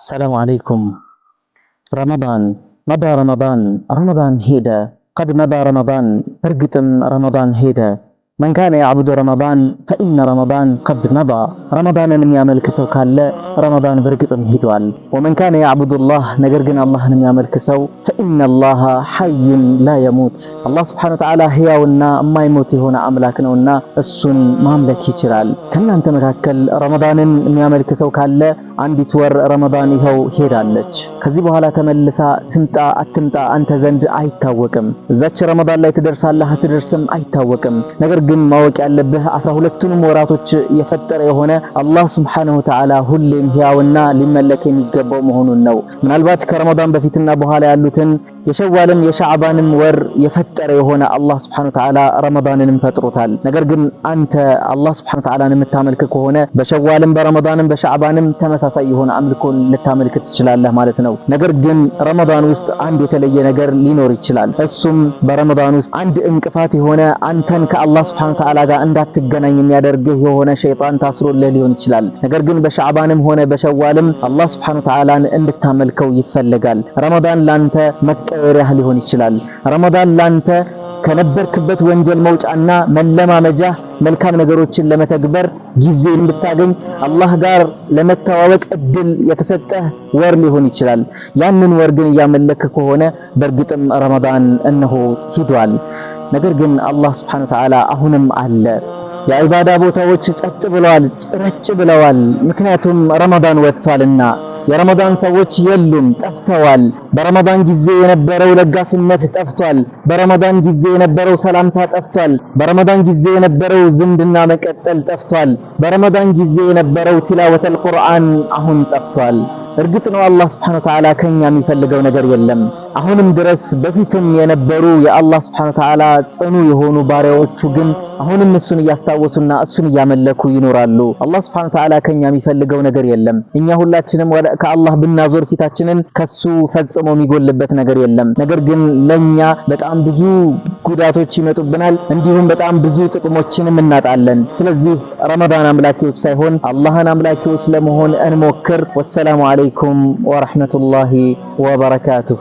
السلام عليكم ረመዳን መዳ ረመዳን ረመዳን ሄደ። ቀድ መዳ ረመዳን እርግጥም ረመዳን ሄደ። መንካነ ያዕቡዱ ረመዳን ፈኢነ ረመዳን ቀድ መዳ ረመዳንን የሚያመልክ ሰው ካለ ረመዳን በእርግጥም ሂዷል። ወመንካነ ያዕቡዱ ላህ ነገር ግን አላህን የሚያመልክ ሰው ፈኢነ ላሃ ሐዩን ላ የሙት አላህ ስብሓነ ወተዓላ ሕያውና የማይሞት የሆነ አምላክ ነውና እሱን ማምለክ ይችላል። ከእናንተ መካከል ረመዳንን የሚያመልክ ሰው ካለ አንዲት ወር ረመዳን ይኸው ሄዳለች። ከዚህ በኋላ ተመልሳ ትምጣ አትምጣ አንተ ዘንድ አይታወቅም። እዛች ረመዳን ላይ ትደርሳለህ አትደርስም አይታወቅም። ነገር ግን ማወቅ ያለብህ አስራ ሁለቱንም ወራቶች የፈጠረ የሆነ አላህ ሱብሓነሁ ወተዓላ ሁሌም ሕያውና ሊመለክ የሚገባው መሆኑን ነው። ምናልባት ከረመዳን በፊትና በኋላ ያሉትን የሸዋልም የሻዕባንም ወር የፈጠረ የሆነ አላህ ስብሐነሁ ወተዓላ ረመዳንንም ፈጥሮታል። ነገር ግን አንተ አላህ ስብሐነሁ ወተዓላን የምታመልክ ከሆነ በሸዋልም በረመዳንም በሻዕባንም ተመሳሳይ የሆነ አምልኮን ልታመልክ ትችላለህ ማለት ነው። ነገር ግን ረመዳን ውስጥ አንድ የተለየ ነገር ሊኖር ይችላል። እሱም በረመዳን ውስጥ አንድ እንቅፋት የሆነ አንተን ከአላህ ስብሐነሁ ወተዓላ ጋር እንዳትገናኝ የሚያደርግህ የሆነ ሸይጣን ታስሮልህ ሊሆን ይችላል። ነገር ግን በሻዕባንም ሆነ በሸዋልም አላህ ስብሐነሁ ወተዓላን እንድታመልከው ይፈለጋል። ረመዳን ላንተ መቀ መቀየሪያህ ሊሆን ይችላል። ረመዳን ላንተ ከነበርክበት ወንጀል መውጫና መለማመጃ መልካም ነገሮችን ለመተግበር ጊዜ እንድታገኝ አላህ ጋር ለመተዋወቅ እድል የተሰጠህ ወር ሊሆን ይችላል። ያንን ወር ግን እያመለክ ከሆነ በእርግጥም ረመዳን እነሆ ሂዷል። ነገር ግን አላህ ስብሓነ ወተዓላ አሁንም አለ። የዒባዳ ቦታዎች ጸጥ ብለዋል፣ ጭረጭ ብለዋል። ምክንያቱም ረመዳን ወጥቷልና የረመዳን ሰዎች የሉም፣ ጠፍተዋል። በረመዳን ጊዜ የነበረው ለጋስነት ጠፍቷል። በረመዳን ጊዜ የነበረው ሰላምታ ጠፍቷል። በረመዳን ጊዜ የነበረው ዝምድና መቀጠል ጠፍቷል። በረመዳን ጊዜ የነበረው ቲላወተል ቁርአን አሁን ጠፍቷል። እርግጥ ነው አላህ Subhanahu Ta'ala ከኛ የሚፈልገው ነገር የለም። አሁንም ድረስ በፊትም የነበሩ የአላህ Subhanahu Ta'ala ጽኑ የሆኑ ባሪያዎቹ ግን አሁንም እሱን እያስታወሱና እሱን እያመለኩ ይኖራሉ። አላህ Subhanahu Ta'ala ከኛ የሚፈልገው ነገር የለም። እኛ ሁላችንም ከአላህ ብናዞር ፊታችንን ከሱ ፈጽሞ የሚጎልበት ነገር የለም። ነገር ግን ለኛ በጣም ብዙ ጉዳቶች ይመጡብናል፣ እንዲሁም በጣም ብዙ ጥቅሞችንም እናጣለን። ስለዚህ ረመዳን አምላኪዎች ሳይሆን አላህን አምላኪዎች ለመሆን እንሞክር። ወሰላሙ አለይኩም ወራህመቱላሂ ወበረካቱሁ።